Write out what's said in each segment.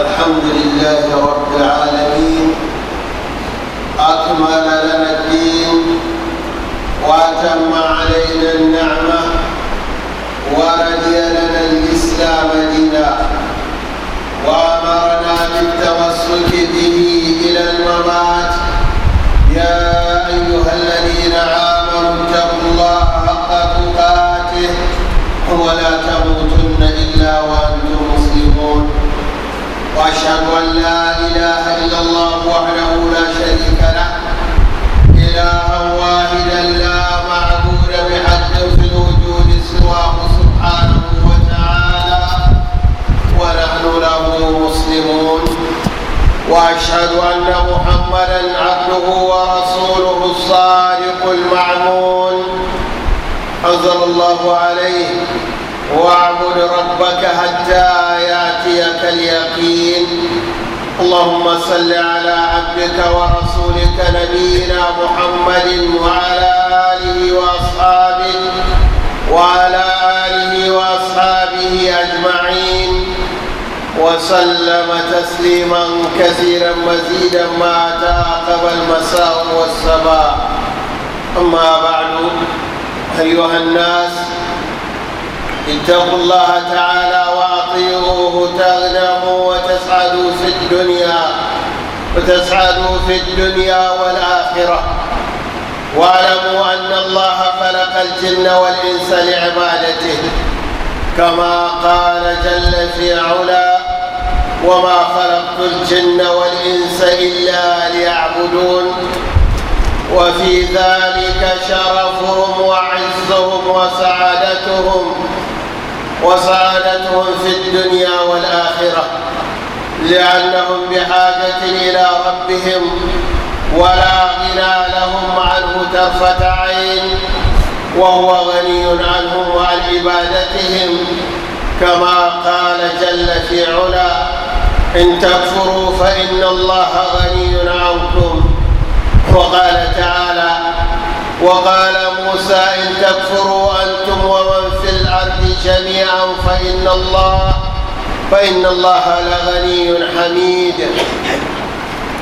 الحمد لله رب أشهد ان لا اله الا الله وحده لا شريك له إله واحدا لا معبود بحد في الوجود سواه سبحانه وتعالى ونحن له مسلمون واشهد ان محمدا عبده ورسوله الصادق المعمول انزل الله عليه واعبد ربك حتى اللهم صل على عبدك ورسولك نبينا محمد وعلى آله وأصحابه وعلى آله وأصحابه أجمعين وسلم تسليما كثيرا مزيدا ما تعاقب المساء والصباح أما بعد أيها الناس اتقوا الله تعالى وأعلم تطيروه تغنموا وتسعدوا في الدنيا وتسعدوا في الدنيا والآخرة واعلموا أن الله خلق الجن والإنس لعبادته كما قال جل في علا وما خلقت الجن والإنس إلا ليعبدون وفي ذلك شرفهم وعزهم وسعادتهم وسعادتهم في الدنيا والآخرة لأنهم بحاجة إلى ربهم ولا غنى لهم عنه ترفة عين وهو غني عنهم وعن عبادتهم كما قال جل في علا إن تكفروا فإن الله غني عنكم وقال تعالى وقال موسى إن تكفروا جميعا فإن الله فإن الله لغني حميد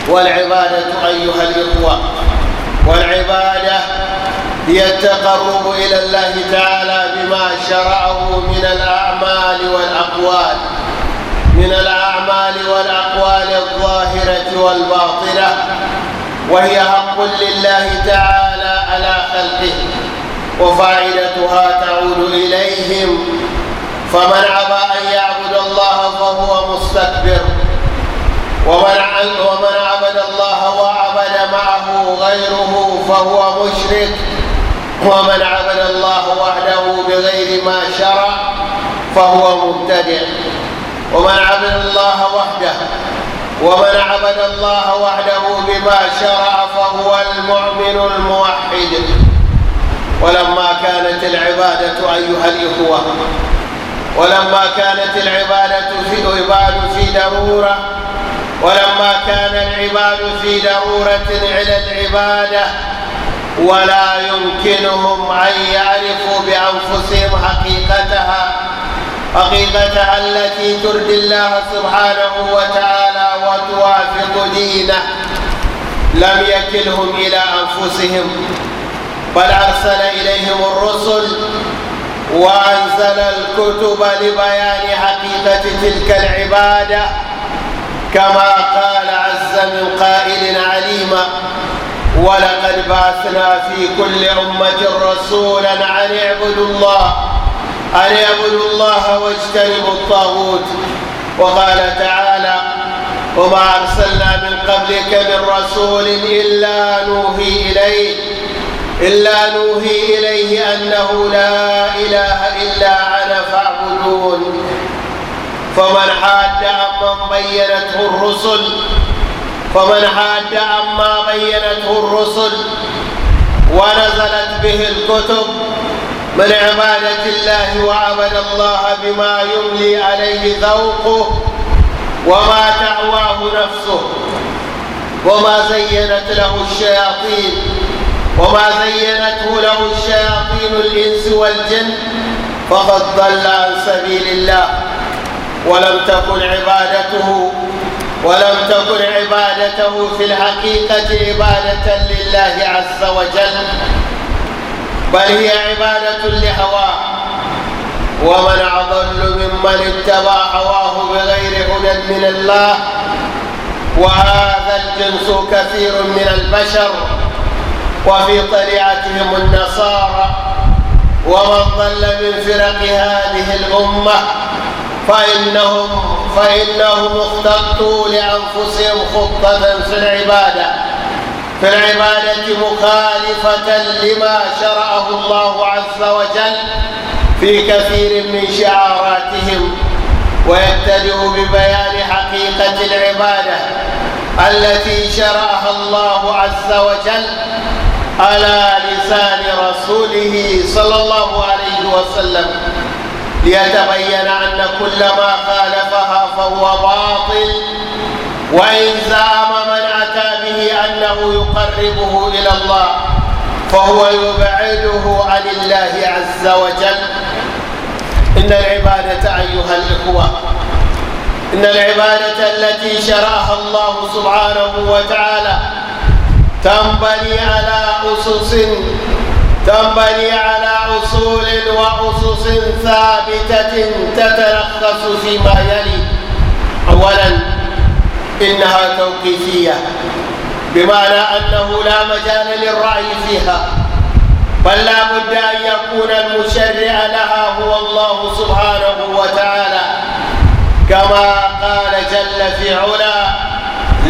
والعبادة أيها الإخوة والعبادة هي التقرب إلى الله تعالى بما شرعه من الأعمال والأقوال من الأعمال والأقوال الظاهرة والباطنة وهي حق لله تعالى على خلقه وفائدتها تعود إليهم فمن عبى أن يعبد الله فهو مستكبر ومن ومن عبد الله وعبد معه غيره فهو مشرك ومن عبد الله وحده بغير ما شرع فهو مبتدع ومن عبد الله وحده ومن عبد الله وحده بما شرع فهو المؤمن الموحد ولما كانت العبادة أيها الإخوة ولما كانت العبادة في عباد في ضرورة ولما كان العباد في ضرورة على العبادة ولا يمكنهم أن يعرفوا بأنفسهم حقيقتها حقيقتها التي ترضي الله سبحانه وتعالى وتوافق دينه لم يكلهم إلى أنفسهم بل أرسل إليهم الرسل وأنزل الكتب لبيان حقيقة تلك العبادة كما قال عز من قائل عليما ولقد بعثنا في كل أمة رسولا أن اعبدوا الله أن اعبدوا الله واجتنبوا الطاغوت وقال تعالى وما أرسلنا من قبلك من رسول إلا نوحي إليه إلا نوهي إليه أنه لا إله إلا أنا فاعبدون فمن حاد عمن بينته الرسل فمن حاد عما بينته الرسل ونزلت به الكتب من عبادة الله وعبد الله بما يملي عليه ذوقه وما تعواه نفسه وما زينت له الشياطين وما زينته له الشياطين الإنس والجن فقد ضل عن سبيل الله ولم تكن عبادته ولم تكن عبادته في الحقيقة عبادة لله عز وجل بل هي عبادة لهواه ومن أضل ممن اتبع هواه بغير هدى من الله وهذا الجنس كثير من البشر وفي طليعتهم النصارى ومن ضل من فرق هذه الأمة فإنهم فإنهم اختطوا لأنفسهم خطة في العبادة في العبادة مخالفة لما شرعه الله عز وجل في كثير من شعاراتهم ويبتدئ ببيان حقيقة العبادة التي شرعها الله عز وجل على لسان رسوله صلى الله عليه وسلم ليتبين أن كل ما خالفها فهو باطل وإن زعم من أتى به أنه يقربه إلى الله فهو يبعده عن الله عز وجل إن العبادة أيها الإخوة إن العبادة التي شرعها الله سبحانه وتعالى تنبني على أسس تنبني على أصول وأسس ثابتة تتلخص فيما يلي أولا إنها توقيفية بمعنى أنه لا مجال للرأي فيها بل لا بد أن يكون المشرع لها هو الله سبحانه وتعالى كما قال جل في علا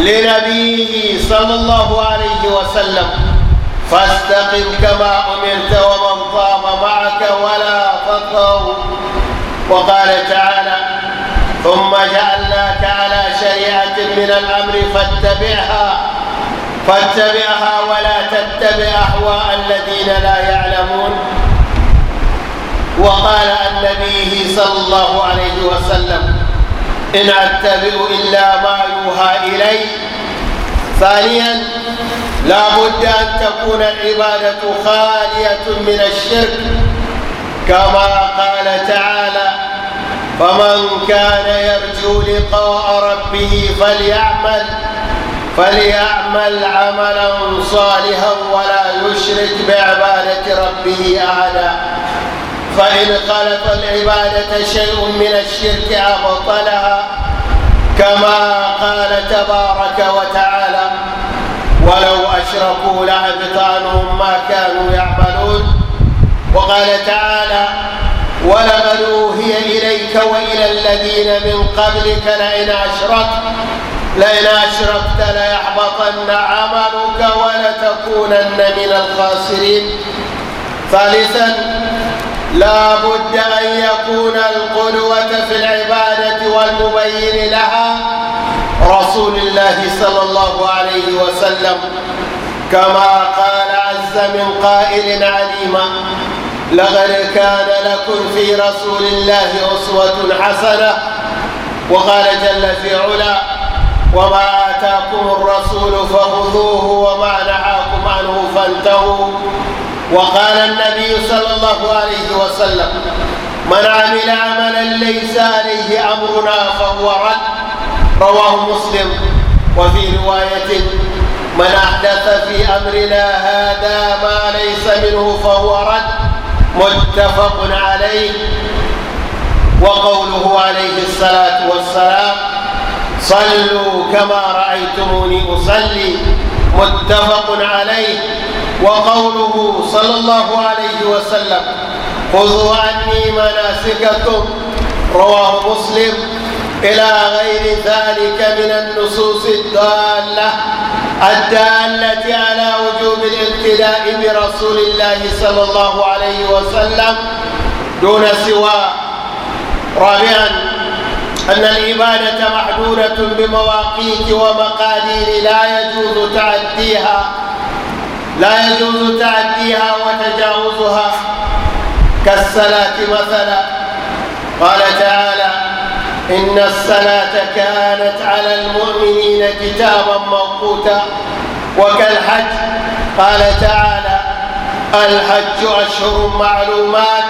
لنبيه صلى الله عليه وسلم فاستقم كما أمرت ومن قام معك ولا تطغوا وقال تعالى ثم جعلناك على شريعة من الأمر فاتبعها فاتبعها ولا تتبع أهواء الذين لا يعلمون وقال عن نبيه صلى الله عليه وسلم إن أتبع إلا ما يوحى إلي ثانيا لا بد أن تكون العبادة خالية من الشرك كما قال تعالى فمن كان يرجو لقاء ربه فليعمل فليعمل عملا صالحا ولا يشرك بعبادة ربه أحدا فإن خلط العبادة شيء من الشرك أبطلها كما قال تبارك وتعالى ولو أشركوا لأبطالهم ما كانوا يعملون وقال تعالى ولقد أوهي إليك وإلى الذين من قبلك لئن أشركت لئن أشركت ليحبطن عملك ولتكونن من الخاسرين ثالثا لا بد أن يكون القدوة في العبادة والمبين لها رسول الله صلى الله عليه وسلم كما قال عز من قائل عليما لقد كان لكم في رسول الله أسوة حسنة وقال جل في علا وما آتاكم الرسول فخذوه وما نهاكم عنه فانتهوا وقال النبي صلى الله عليه وسلم من عمل عملا ليس عليه امرنا فهو رد رواه مسلم وفي روايه من احدث في امرنا هذا ما ليس منه فهو رد متفق عليه وقوله عليه الصلاه والسلام صلوا كما رايتموني اصلي متفق عليه وقوله صلى الله عليه وسلم خذوا عني مناسككم رواه مسلم إلى غير ذلك من النصوص الدالة الدالة على وجوب الاقتداء برسول الله صلى الله عليه وسلم دون سواه رابعا أن العبادة محدودة بمواقيت ومقادير لا يجوز تعديها لا يجوز تعديها وتجاوزها كالصلاة مثلا قال تعالى إن الصلاة كانت على المؤمنين كتابا موقوتا وكالحج قال تعالى الحج أشهر معلومات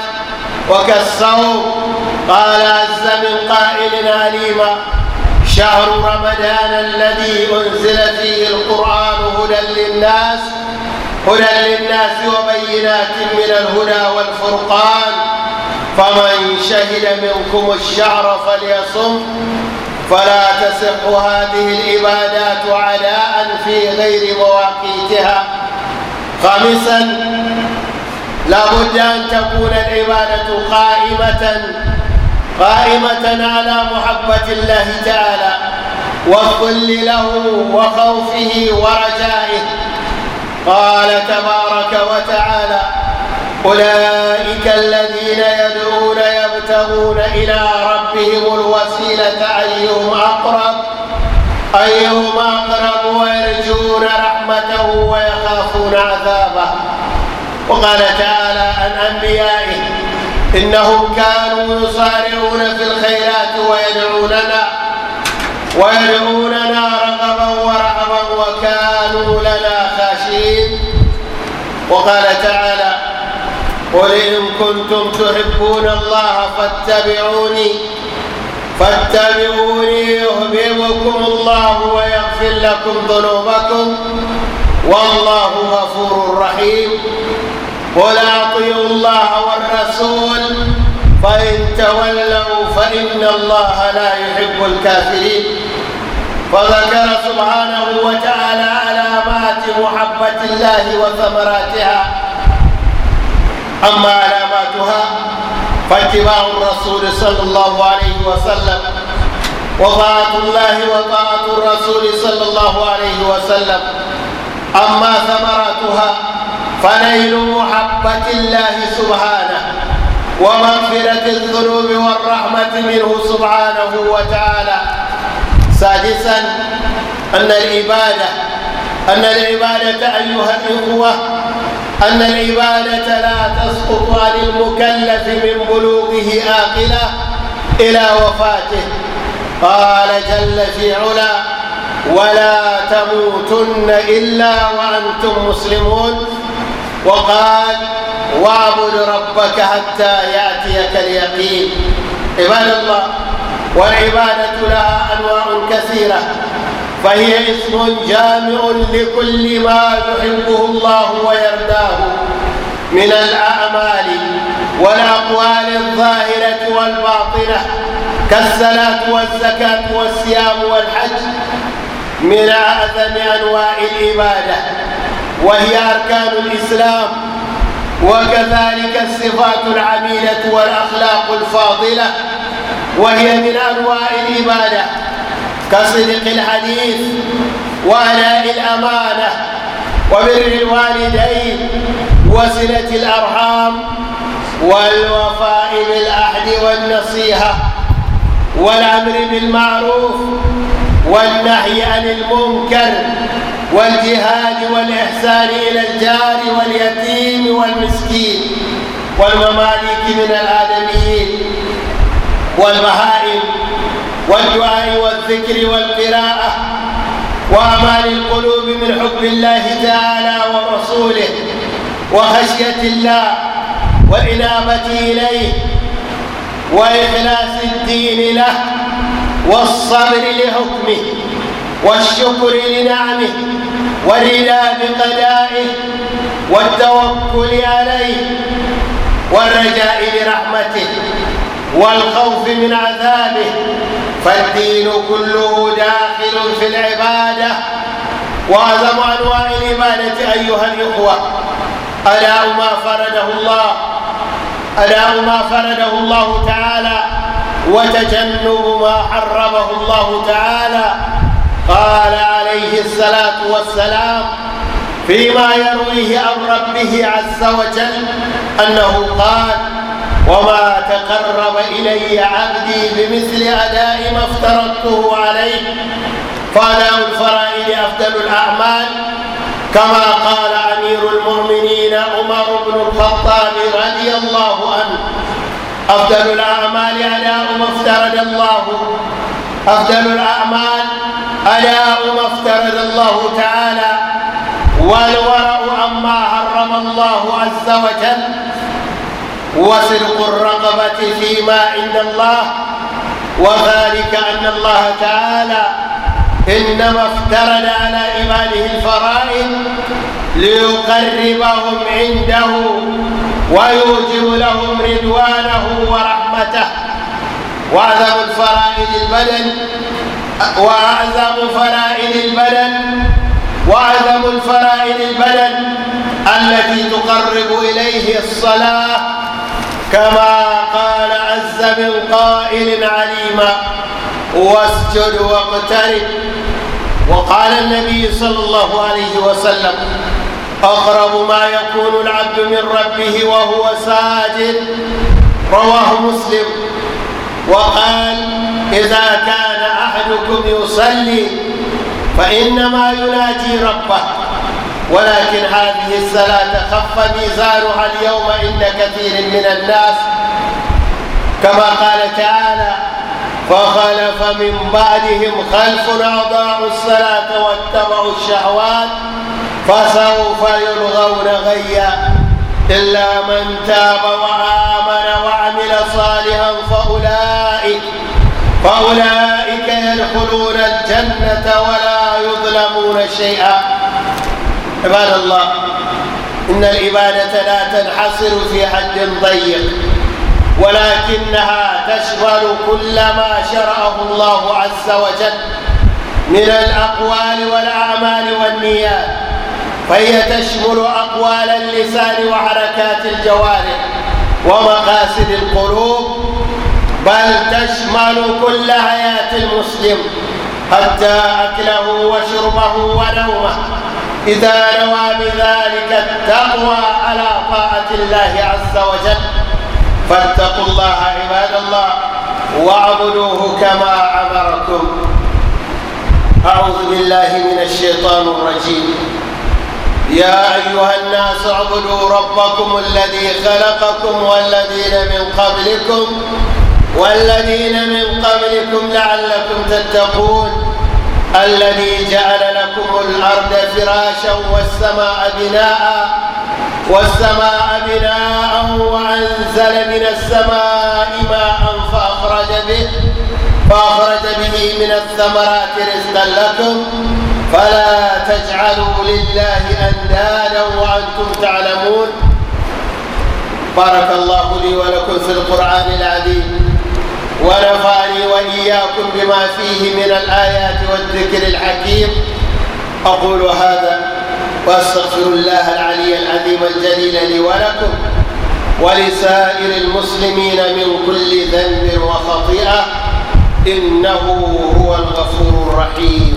وكالصوم قال عز من قائل عليما شهر رمضان الذي أنزل فيه القرآن هدى للناس هدى للناس وبينات من الهدى والفرقان فمن شهد منكم الشعر فليصم فلا تصح هذه العبادات عداء في غير مواقيتها خامسا لابد ان تكون العباده قائمه قائمه على محبه الله تعالى والظل له وخوفه ورجائه قال تبارك وتعالى أولئك الذين يدعون يبتغون إلى ربهم الوسيلة أيهم أقرب أيهم أقرب ويرجون رحمته ويخافون عذابه وقال تعالى عن أنبيائه إنهم كانوا يصارعون في الخيرات ويدعوننا ويدعوننا رغبا ورهبا وكانوا لنا وقال تعالى قل إن كنتم تحبون الله فاتبعوني فاتبعوني يهببكم الله ويغفر لكم ذنوبكم والله غفور رحيم قل أطيعوا الله والرسول فإن تولوا فإن الله لا يحب الكافرين فذكر سبحانه وتعالى محبة الله وثمراتها أما علاماتها فاتباع الرسول صلى الله عليه وسلم وطاعة الله وطاعة الرسول صلى الله عليه وسلم أما ثمراتها فنيل محبة الله سبحانه ومغفرة الذنوب والرحمة منه سبحانه وتعالى سادسا أن العبادة أن العبادة أيها الإخوة أن العبادة لا تسقط عن المكلف من بلوغه آقلة إلى وفاته قال جل في علا ولا تموتن إلا وأنتم مسلمون وقال واعبد ربك حتى يأتيك اليقين عباد الله والعبادة لها أنواع كثيرة فهي اسم جامع لكل ما يحبه الله ويرداه من الأعمال والأقوال الظاهرة والباطنة كالصلاة والزكاة والصيام والحج من أعظم أنواع العبادة وهي أركان الإسلام وكذلك الصفات العميلة والأخلاق الفاضلة وهي من أنواع العبادة كصدق الحديث وأداء الأمانة وبر الوالدين وصلة الأرحام والوفاء بالعهد والنصيحة والأمر بالمعروف والنهي عن المنكر والجهاد والإحسان إلى الجار واليتيم والمسكين والمماليك من الآدميين والبهائم والدعاء والذكر والقراءة وأعمال القلوب من حب الله تعالى ورسوله وخشية الله والإنابة إليه وإخلاص الدين له والصبر لحكمه والشكر لنعمه والرضا بقدائه والتوكل عليه والرجاء لرحمته والخوف من عذابه فالدين كله داخل في العبادة وأعظم أنواع العبادة أيها الإخوة أداء ما فرده الله أداء ما فرده الله تعالى وتجنب ما حرمه الله تعالى قال عليه الصلاة والسلام فيما يرويه عن ربه عز وجل أنه قال وما تقرب إلي عبدي بمثل أداء ما افترضته عليه فأداء الفرائض أفضل الأعمال كما قال أمير المؤمنين عمر بن الخطاب رضي الله عنه أفضل الأعمال أداء ما افترض الله أفضل الأعمال أداء ما افترض الله تعالى والورع عما حرم الله عز وجل وسلق الرقبة فيما عند الله وذلك أن الله تعالى إنما افترض على عباده الفرائض ليقربهم عنده ويوجب لهم رضوانه ورحمته وأعظم الفرائض البدن وأعظم فرائض البدن وأعظم الفرائض البدن التي تقرب إليه الصلاة كما قال عز من قائل عليما واسجد واقترب وقال النبي صلى الله عليه وسلم أقرب ما يكون العبد من ربه وهو ساجد رواه مسلم وقال إذا كان أحدكم يصلي فإنما يناجي ربه ولكن هذه الصلاة خف ميزانها اليوم عند كثير من الناس كما قال تعالى فخلف من بعدهم خلف أضاعوا الصلاة واتبعوا الشهوات فسوف يلغون غيا إلا من تاب وآمن وعمل صالحا فأولئك فأولئك يدخلون الجنة ولا يظلمون شيئا عباد الله إن الإبادة لا تنحصر في حد ضيق ولكنها تشمل كل ما شرعه الله عز وجل من الأقوال والأعمال والنيات فهي تشمل أقوال اللسان وحركات الجوارح ومقاصد القلوب بل تشمل كل حياة المسلم حتى أكله وشربه ونومه إذا نوى بذلك التقوى على طاعة الله عز وجل فاتقوا الله عباد الله واعبدوه كما عبركم أعوذ بالله من الشيطان الرجيم يا أيها الناس اعبدوا ربكم الذي خلقكم والذين من قبلكم والذين من قبلكم لعلكم تتقون الذي جعل لكم الأرض فراشا والسماء بناء والسماء بناء وأنزل من السماء ماء فأخرج به فأخرج به من الثمرات رزقا لكم فلا تجعلوا لله أندادا وأنتم تعلمون بارك الله لي ولكم في القرآن العظيم ونفعني وإياكم بما فيه من الآيات والذكر الحكيم أقول هذا وأستغفر الله العلي العظيم الجليل لي ولكم ولسائر المسلمين من كل ذنب وخطيئة إنه هو الغفور الرحيم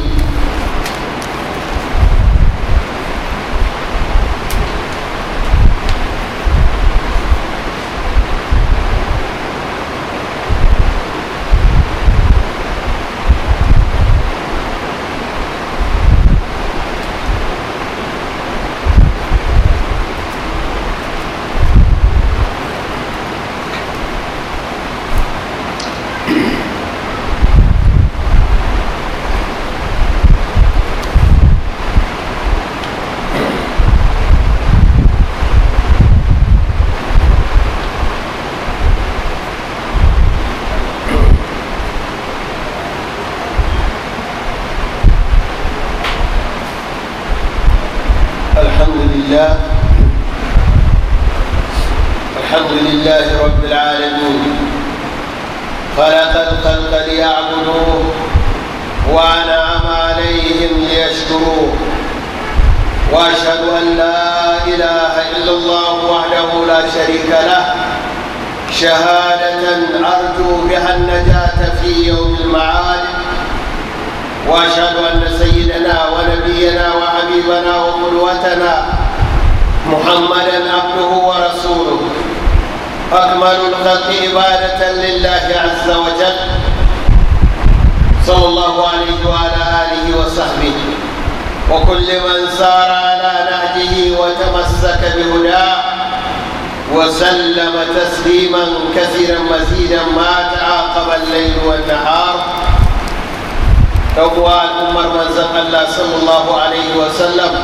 tawwa al'ummar manzan allah sallallahu alaihi wasallam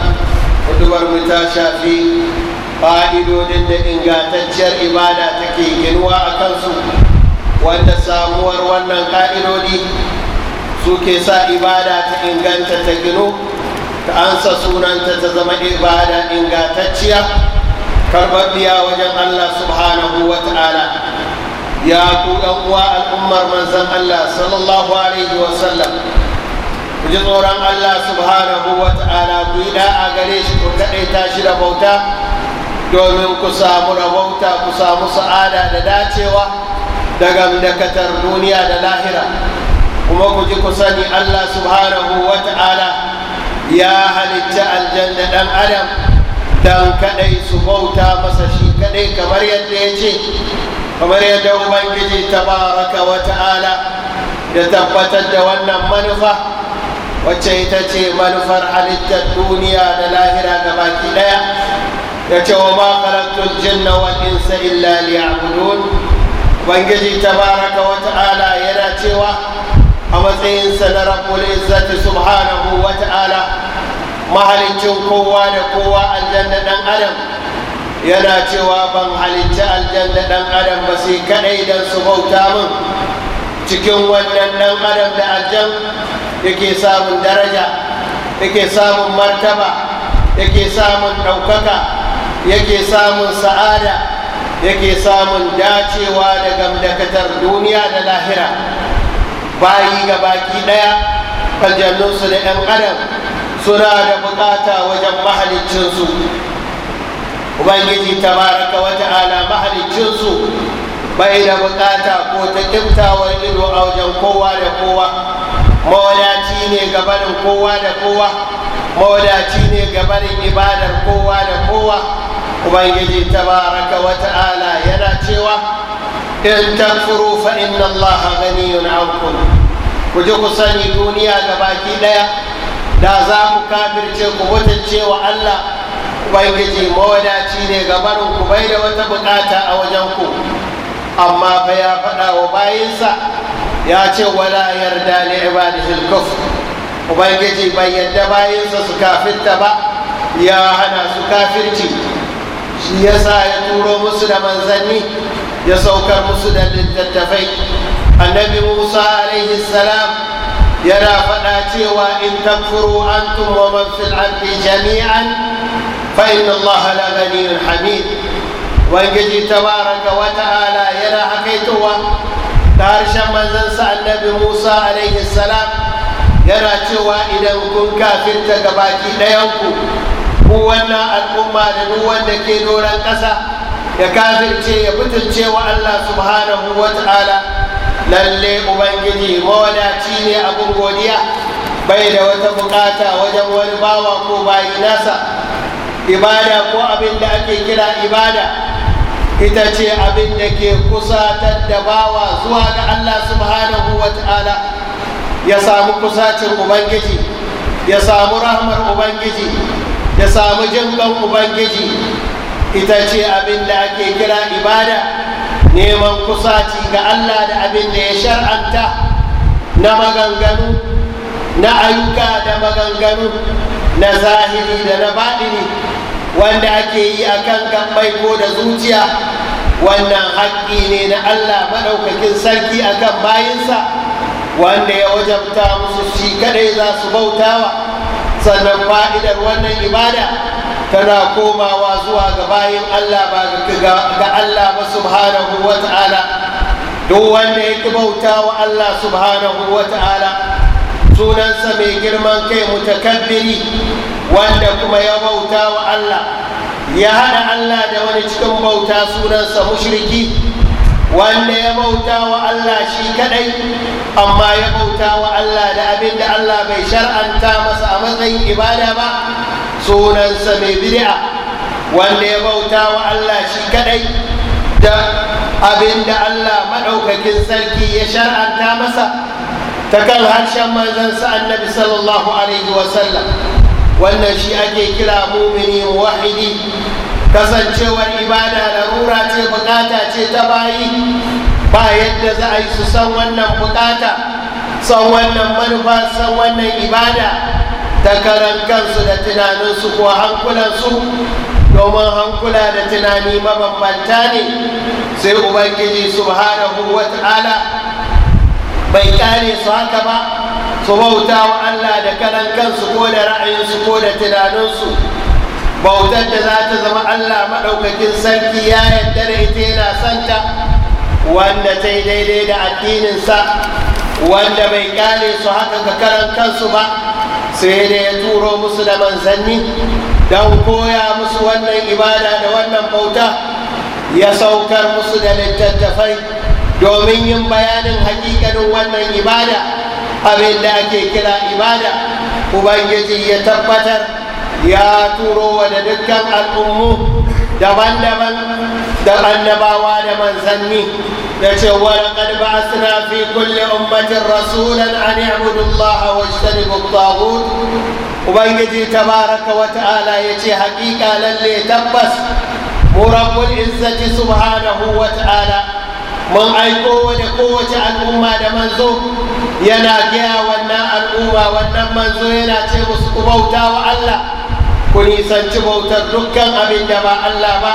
hudubar mu ta shafi fa'idodin da ingantacciyar ibada take ginuwa a kansu wanda samuwar wannan ka'idodi suke sa ibada ta inganta ta gino ta ansa sunanta ta zama ibada ingantacciya karɓaɓɓiya wajen allah subhanahu wa ta'ala ya ku uwa al'ummar manzan allah sallallahu alaihi wasallam ku ji tsoron Allah subhanahu wa ta'ala ku yi da'a gare shi ku kaɗaita shi da bauta domin ku samu rabauta ku samu sa'ada da dacewa daga dakatar duniya da lahira kuma ku ji ku sani Allah subhanahu wa ta'ala ya halitta aljanna ɗan adam don kaɗai su bauta masa shi kaɗai kamar yadda ya ce kamar yadda ubangiji tabaraka wa ta'ala da tabbatar da wannan manufa wacce ita ce manufar halittar duniya da lahira ga baki daya ya ce wa ma khalaqtul janna wal insa illa liya'budun ubangiji tabaraka wa ta'ala yana cewa a matsayinsa na rabbul izzati subhanahu wa ta'ala mahalicin kowa da kowa aljanna dan adam yana cewa ban halicci aljanna dan adam ba sai kadai dan su bauta min cikin wannan dan adam da aljan yake samun daraja yake samun martaba yake samun ɗaukaka yake samun sa'ada yake samun dacewa daga gamdakatar duniya da lahira bayi ga baki ɗaya aljannunsu da 'yan adam suna da bukata wajen mahaliccinsu ubangiji tabaraka wa ala mahaliccinsu bai da bukata ko ta kiftawar ido a wajen kowa da kowa mawadaci ne gabanin kowa da kowa mawadaci ne gabanin ibadar kowa da kowa ubangiji tabaraka wa ta'ala yana cewa in takfuru fa inna allaha ghaniyun ankum ku ji ku sani duniya gabaki daya da za ku kafirce ku mutunce wa Allah ubangiji mawadaci ne gabanin ku bai da wata bukata a wajen ku amma fa ya faɗa wa bayinsa يا تشو ولا يردى لعباده الكفر وبلجتي بيد باين سكافر تبا يا هنا سكافر تي يسا يطورو مسد من زني يسوك مسد للتتفي النبي موسى عليه السلام يرى فناتي وإن تكفروا أنتم ومن في الأرض جميعا فإن الله لغني حميد وإن تبارك وتعالى يرى حكيتوا ta harshen manzansa annabi musa alaihi salam yana cewa idan kun kafirta ga baki ɗayanku ku wannan al'umma da duk wanda ke doron ƙasa ya kafirce ya butulce wa allah subhanahu wa ta'ala lalle ubangiji mawadaci ne abin godiya bai da wata bukata wajen wani bawa ko bayi nasa ibada ko abin da ake kira ibada ita ce abin da ke kusatar da bawa zuwa ga Allah subhanahu wa ta'ala ya samu kusacin ubangiji ya samu rahmar ubangiji ya samu jinkan ubangiji ita ce abin da ake kira ibada neman kusaci ga Allah da abin da ya shar'anta na maganganu na ayyuka da maganganu na zahiri da na baɗini wanda ake yi a kan gambai ko da zuciya wannan haƙƙi ne na allah maɗaukakin sarki a kan bayinsa wanda ya wajabta musu shi kadai za su bautawa sannan fa'idar wannan ibada tana komawa zuwa ga bayin allah ba ga allah ba subhanahu wa ta'ala duk wanda ya ki bauta wa allah subhanahu wa ta'ala sunansa mai girman kai mutakabbiri wanda kuma ya bauta wa Allah ya hada Allah da wani cikin bauta sunansa mushriki wanda ya bauta wa Allah shi kadai amma ya bauta wa Allah da abin da Allah bai shar'anta masa a matsayin ibada ba sunansa mai bid'a wanda ya bauta wa Allah shi kadai da abin da Allah maɗaukakin sarki ya shar'anta masa تكال هاشا ما زن النبي صلى الله عليه وسلم وأن شيء أجي كلا مؤمني موحدي كسن شوى الإبادة لرورة بقاتا شيء تبايي با يدى زعي سوانا بقاتا سوانا منفى سوانا إبادة تكرم كان سودة تنانو سوكو هنكولا سو يوم هنكولا تناني مبا فانتاني سيء سبحانه وتعالى bai kare su haka ba su bauta wa Allah da kanan kansu ko da ra'ayinsu ko da tunaninsu bautar da za ta zama Allah maɗaukakin sarki ya yarda da ita yana santa wanda ta yi daidai da addininsa wanda bai kyale su haka ga karan kansu ba sai da ya turo musu da manzanni don koya musu wannan ibada da wannan bauta ya saukar musu da littattafai domin yin bayanin hakikanin wannan ibada abin da ake kira ibada ubangiji ya tabbatar ya turo wa da dukkan al'ummu daban-daban da annabawa da manzanni da cewa laqad ba'athna fi kulli ummatin rasulan an ya'budu Allah wa yajtanibu at-taghut ubangiji tabaraka wa ta'ala yace haƙiƙa lalle tabbas mu rabbul izzati subhanahu wa ta'ala من أيقوه لقوة الأمة دمنزو يناجيا ونا الأمة ونا منزو يناتي وسقوبوتا وألا كوني سنتبوتا دكا أبي دبا ألا ما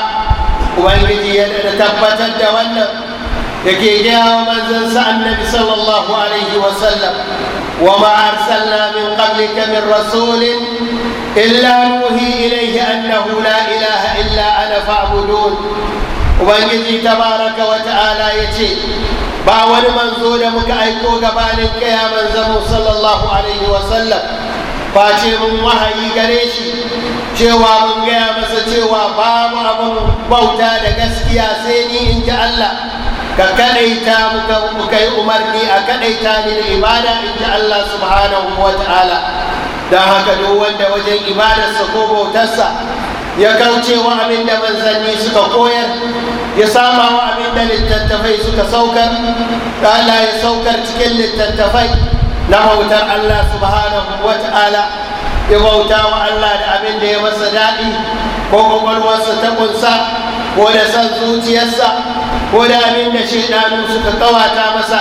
وانجدي يدتبتا دوانا يكيجيا ومنزل سأل النبي صلى الله عليه وسلم وما أرسلنا من قبلك من رسول إلا نوهي إليه أنه لا إله إلا أنا فاعبدون ubangiji tabaraka wa ta'ala yace ba wani manzo da muka aiko gabanin kaya manzo sallallahu alaihi wa sallam wasallam ce mun wahayi gare shi cewa mun gaya masa cewa ba mu abun bauta da gaskiya sai ni in ji Allah ka kadaita muka muka yi umarni a kadaita ni da ibada in ji Allah subhanahu wa ta'ala dan haka duk wanda wajen ibadarsa ko bautarsa ya kaucewa abin da manzanni suka koyar ya sama wa abin da littattafai suka saukar da Allah ya saukar cikin littattafai na bautar Allah subhanahu wa ta'ala ya bauta wa Allah da abin da ya masa dadi ko kwakwalwarsa ta kunsa ko da san zuciyarsa ko da abin da shaidanu suka kawata masa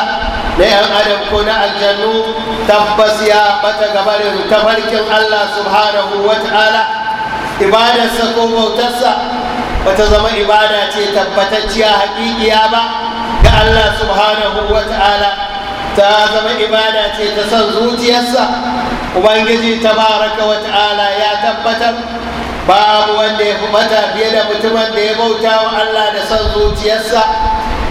na yan adam ko na aljannu tabbas ya bata gabarin tafarkin Allah subhanahu wa ta'ala ibada sa ko bautarsa bata zama ibada ce tabbatacciya haƙiƙiya ba ga Allah subhanahu wata'ala ta zama ibada ce ta san zuciyarsa ubangiji tabaraka wata'ala ya tabbatar babu wanda ya fi bata fiye da mutumin da ya bauta wa Allah da san zuciyarsa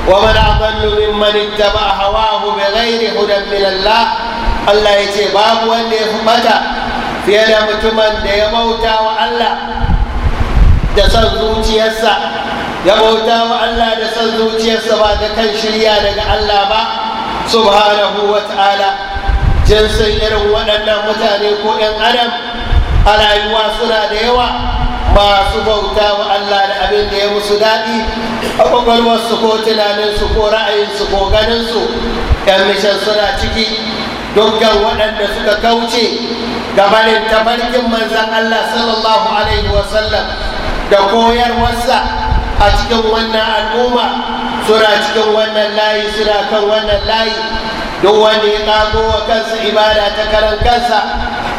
wa man adallu mimman ittaba hawahu bighairi hudan min Allah Allah yace babu wanda ya fi fiye da mutumin da ya bauta wa Allah da son zuciyarsa ya bauta wa Allah da son zuciyarsa ba da kan shirya daga Allah ba subhanahu wa ta'ala jinsin irin waɗannan mutane ko 'yan adam a rayuwa suna da yawa masu bauta wa Allah da abin da ya musu daɗi a ƙwaƙwalwarsu ko tunaninsu ko ra'ayinsu ko ganinsu 'yan mishan suna ciki don ga waɗanda suka kauce da tabarkin manzon Allah sallallahu alaihi wasallam da koyarwarsa a cikin wannan al'umma sura cikin wannan layi sura kan wannan layi duk wanda ya kago wa kansa ibada ta karan kansa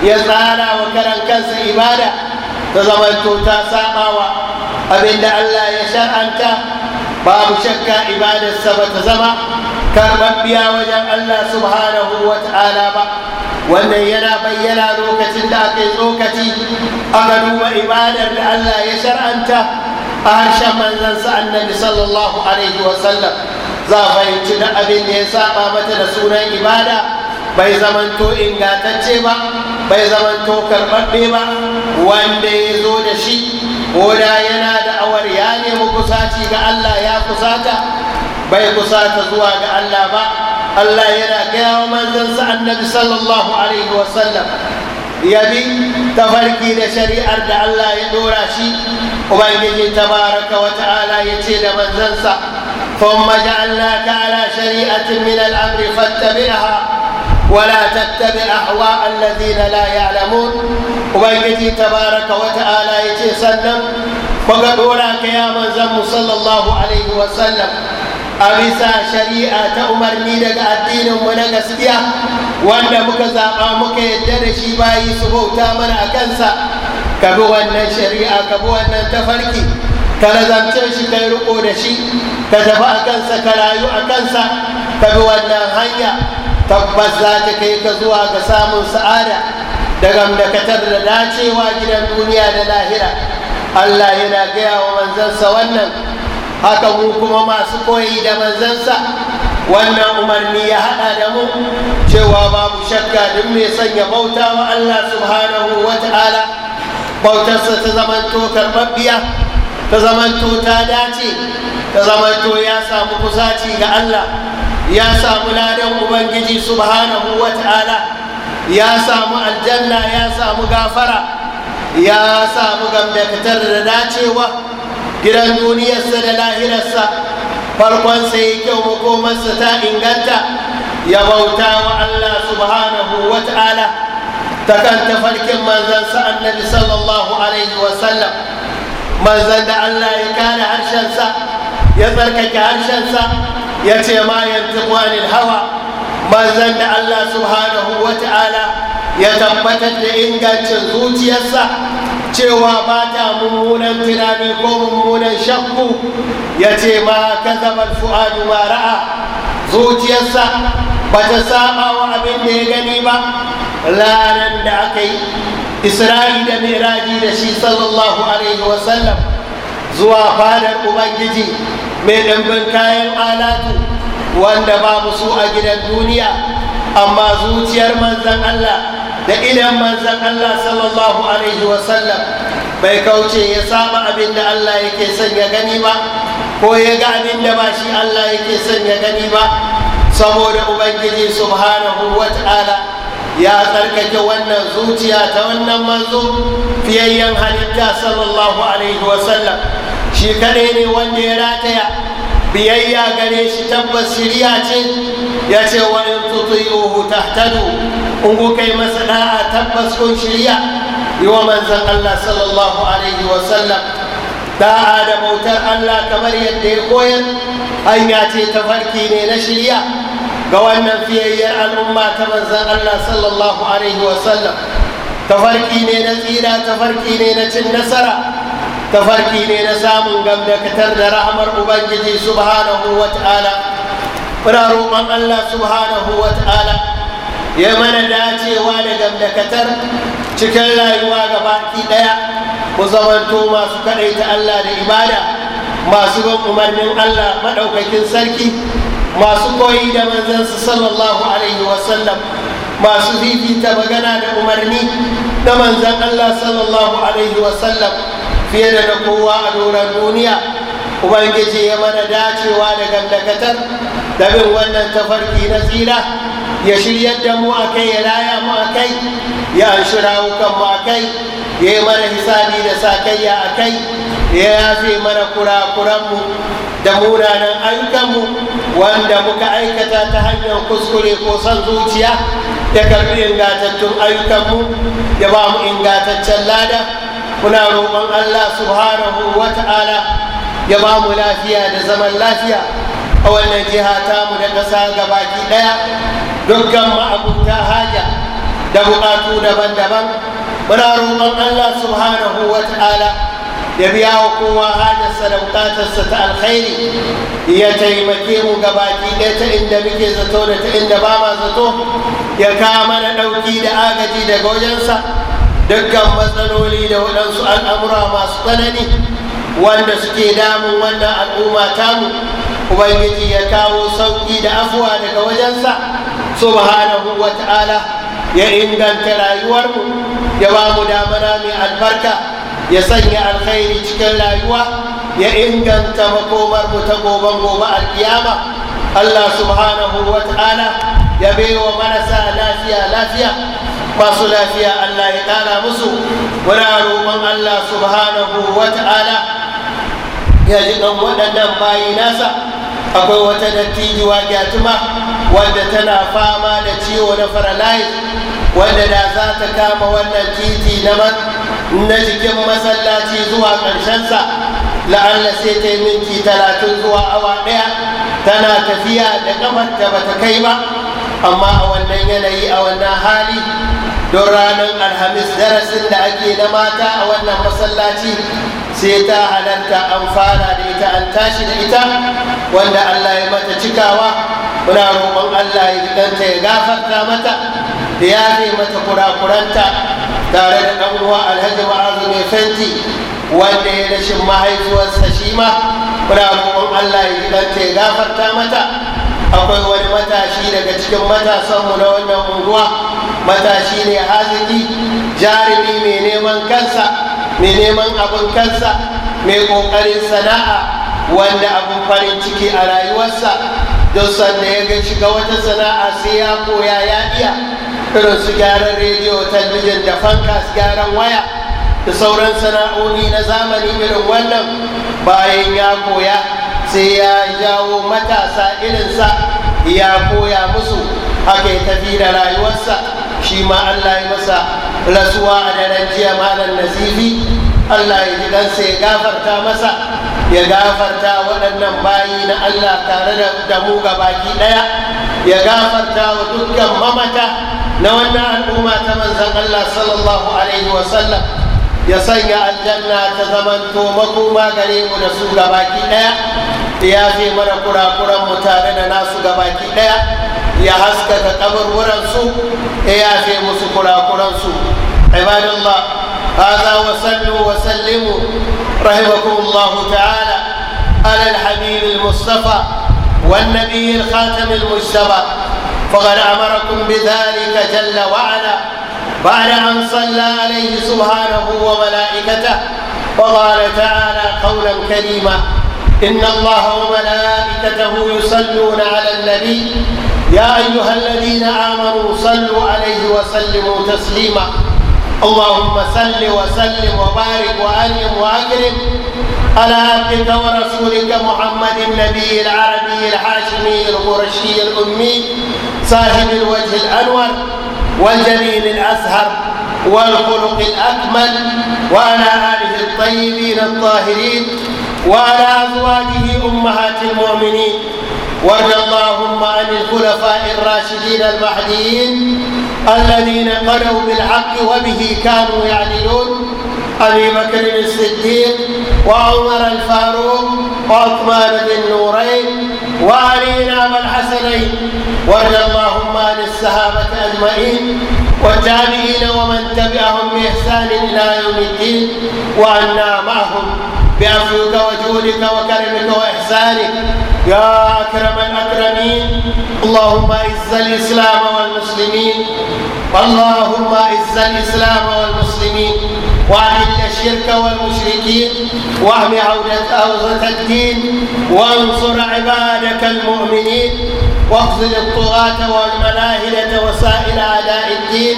ya tsara wa karan kansa ibada ta zamanto ta sabawa abinda Allah ya shar'anta babu shakka ibadarsa ba ta zama karɓar biya wajen Allah subhanahu wa ta'ala ba wannan yana bayyana lokacin da aka yi tsokaci aka duba ibadar da Allah ya shar'anta a harshen manzansa annabi sallallahu alaihi wa sallam za a fahimci da abin da ya saba mata da sunan ibada bai zamanto ingantacce ba bai zamanto karɓaɓɓe ba wanda ya zo da shi ko da yana da awar ya nemi kusaci ga Allah ya kusata bai kusata zuwa ga Allah ba Allah yana gaya wa manzansa annabi sallallahu alaihi wasallam ya bi tafarki da shari'ar da Allah ya dora shi ubangiji tabaraka wa ta'ala ya ce da manzansa ثم جعلناك على شريعة من الأمر فاتبعها ولا تتبع أهواء الذين لا يعلمون ubangiji tabaraka wata'ala ya ce sannan baka dora ka ya manzanmu sallallahu alaihi wasallam a bisa shari'a ta umarni daga addininmu na gaskiya wanda muka zaɓa muka yadda da shi bayi su bauta mana a kansa ka bi wannan shari'a ka bi wannan tafarki ka lazance shi kai riko da shi ka tafi a kansa ka rayu a kansa ka bi wannan hanya tabbas za ta kai ka zuwa ga samun sa'ada da gamdakatar da dacewa gidan duniya da lahira Allah yana gaya wa manzansa wannan haka mu kuma masu koyi da manzansa wannan umarni ya hada da mu cewa babu shakka duk mai sanya bauta wa Allah subhanahu wa ta'ala bautarsa ta zamanto karɓaɓɓiya ta zamanto ta dace ta zamanto ya samu kusaci ga Allah ya samu ladan ubangiji subhanahu wa ta'ala ya samu aljanna ya samu gafara ya samu gamdakatar da dacewa gidan duniyarsa da lahirarsa farkonsa ya yi kyau makomarsa ta inganta ya bauta wa Allah subhanahu wa ta'ala ta kan tafarkin manzansa annabi sallallahu alaihi wasallam manzan da Allah ya kare harshensa ya tsarkake harshensa ya ce ma yantiqu anil hawa manzan da Allah subhanahu wa ta'ala ya tabbatar da ingancin zuciyarsa cewa ba ta mummunan tunani ko mummunan shakku ya ce ma kazaban fu'adu ma ra'a zuciyarsa ba ta saba wa abin da ya gani ba ranar da aka yi isra'i da miraji da shi sallallahu alaihi wasallam zuwa fadar ubangiji mai ɗanbin kayan alatu wanda babu su a gidan duniya amma zuciyar manzan allah da ilimin manzan Allah sallallahu alaihi wasallam bai kauce ya saba abin da Allah yake son ya gani ba ko ya ga abin da ba shi Allah yake son ya gani ba saboda ubangiji subhanahu wa ta'ala ya tsarkake wannan zuciya ta wannan manzo fiyayyen halitta sallallahu alaihi wasallam shi kadai ne wanda ya rataya بيايا قريش تبا سريات ياتي وين تطيعوه تهتدوا انقو كي مسلاء تبا سكون شريا يوما زق الله صلى الله عليه وسلم دا آدم وتر الله كمريا ديقوين أي ياتي تفركيني نشريا قوانا في أي الأمة تبا انزل الله صلى الله عليه وسلم تفركيني نزيلا تفركيني نتنسرا تفركيني نتنسرا تفرقي لنا سامن قبل كتر رحمر أبنجي سبحانه وتعالى رارو الله سبحانه وتعالى يا من داتي وانا قبل كتر شك الله يواجه باكي ديا وزمان توما سكريت الله لعبادة ما سبق من الله مدعوك كن سركي ما سبق إيدا من زنس صلى الله عليه وسلم ما سبق إيدا بغنا لأمرني لمن زن الله صلى الله عليه وسلم fiye da na kowa a doron duniya ubangiji ya mana dacewa da gamdakatar da bin wannan tafarki na tsira ya shiryar da mu a kai ya raya mu a kai ya anshi rawukan mu a kai ya yi mana hisabi da sakayya a kai ya yafe mana kurakuranmu da munanan ayyukanmu wanda muka aikata ta hanyar kuskure ko son zuciya ya karbi ingantattun ayyukanmu ya ba mu ingantaccen lada muna roƙon Allah subhanahu wa ta'ala ya ba mu lafiya da zaman lafiya a wannan jiha tamu da ƙasa gabaki ɗaya dukkan ma'abuta haja da buƙatu daban-daban muna roƙon Allah subhanahu wa ta'ala ya biya wa kowa hajarsa da buƙatarsa ta alkhairi ya taimake mu gabaki ɗaya ta inda muke zato da ta inda ba ma zato ya kama na ɗauki da agaji daga wajensa dukkan matsaloli da waɗansu al'amura masu tsanani wanda suke damun wannan al'umma tamu ubangiji ya kawo sauƙi da afuwa daga wajensa subhanahu wa ta'ala ya inganta rayuwarmu ya ba mu damana mai albarka ya sanya alkhairi cikin rayuwa ya inganta makomarmu ta goben gobe alkiyama allah subhanahu wa ta'ala ya baiwa marasa lafiya lafiya masu lafiya Allah ya ƙara musu muna roƙon Allah subhanahu wa ta'ala ya ji ɗan waɗannan bayi nasa akwai wata dattijuwa gyatuma wadda tana fama da ciwo na faralayi wadda da za ta kama wannan titi na jikin masallaci zuwa ƙarshensa la'alla sai ta yi minti talatin zuwa awa ɗaya tana tafiya da ƙafarta ba ta kai ba amma a wannan yanayi a wannan hali don ranar alhamis darasin da ake na mata a wannan masallaci sai ta halarta an fara da ita an tashi da ita wanda allah ya mata cikawa muna roƙon allah ya gidanta ya gafarta mata da ya zai mata kurakuranta tare da ɗan uwa alhaji ma'azu mai fenti wanda ya rashin mahaifuwarsa shi ma muna roƙon allah ya gidanta ya gafarta mata akwai wani matashi daga cikin matasanmu na wannan unguwa matashi ne haziki jarumi mai neman kansa mai neman abin kansa mai ƙoƙarin sana'a wanda abin farin ciki a rayuwarsa don sanda ya ga shiga wata sana'a sai ya koya ya iya irin su gyaran rediyo talbijin da fankas gyaran waya da sauran sana'o'i na zamani irin wannan bayan ya koya sai ya jawo matasa irinsa ya koya musu haka ya tafi da rayuwarsa shi ma Allah ya masa rasuwa a daren jiya malam nazifi Allah ya ji ɗansa ya gafarta masa ya gafarta waɗannan bayi na Allah tare da mu ga baki ɗaya ya gafarta wa dukkan mamata na wannan al'umma ta manzan Allah sallallahu alaihi wasallam ya sanya aljanna ta zamanto makoma gare mu da su ga baki ɗaya ya fi mana kurakuran mu tare da nasu gabaki daya ya haskaka kaburburansu ya yafe musu kurakuransu ibadallah hadha wa sallu wa sallimu rahimakumullah ta'ala ala al-habib al-mustafa والنبي الخاتم المجتبى فقد امركم بذلك جل وعلا بعد ان صلى عليه سبحانه وملائكته وقال تعالى قولا كريما إن الله وملائكته يصلون على النبي يا أيها الذين آمنوا صلوا عليه وسلموا تسليما اللهم صل وسلم وبارك وأنعم وأكرم على عبدك ورسولك محمد النبي العربي الحاشمي القرشي الأمي صاحب الوجه الأنور والجميل الأسهر والخلق الأكمل وعلى آله الطيبين الطاهرين وعلى أزواجه أمهات المؤمنين وارض اللهم عن الخلفاء الراشدين المهديين الذين قالوا بالحق وبه كانوا يعدلون أبي بكر الصديق وعمر الفاروق وعثمان ذي النورين وعلينا نعم والحسنين وارض اللهم عن الصحابة أجمعين والتابعين ومن تبعهم بإحسان إلى يوم الدين وعنا معهم بعفوك وجودك وكرمك وإحسانك يا أكرم الأكرمين اللهم اعز الإسلام والمسلمين اللهم اعز الإسلام والمسلمين وأذل الشرك والمشركين واهم أوزة الدين وانصر عبادك المؤمنين واخذل الطغاة والملاهلة وسائر أعداء الدين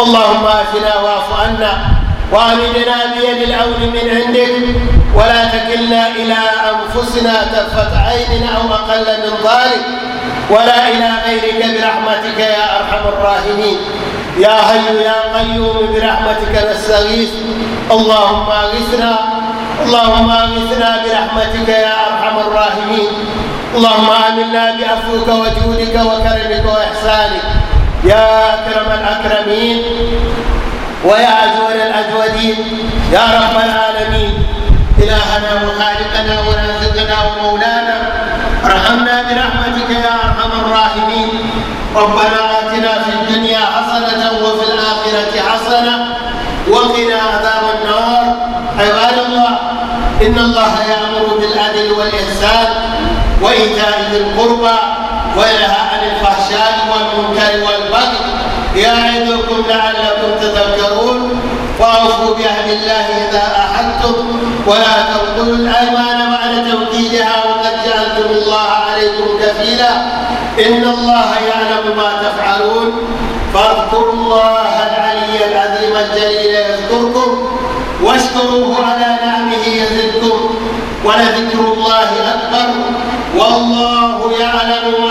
اللهم أفنا واعف عنا واعمدنا بيد العون من عندك ولا تكلنا الى انفسنا طرفه عين او اقل من ذلك ولا الى غيرك برحمتك يا ارحم الراحمين يا حي يا قيوم برحمتك نستغيث اللهم اغثنا اللهم اغثنا برحمتك يا ارحم الراحمين اللهم امنا بعفوك وجودك وكرمك واحسانك يا اكرم الاكرمين ويا ويعزون الأجودين يا رب العالمين إلهنا وخالقنا ورازقنا ومولانا ارحمنا برحمتك يا أرحم الراحمين ربنا آتنا في الدنيا حسنة وفي الآخرة حسنة وقنا عذاب النار عباد الله إن الله يأمر بالعدل والإحسان وإيتاء ذي القربى وينهى عن الفحشاء والمنكر والبغي يعدكم لعلكم تذكرون وأوفوا بعهد الله إذا أحدتم ولا تبطلوا الأيمان بعد توكيدها وقد جعلتم الله عليكم كفيلا إن الله يعلم ما تفعلون فاذكروا الله العلي العظيم الجليل يذكركم واشكروه على نعمه يزدكم ولذكر الله أكبر والله يعلم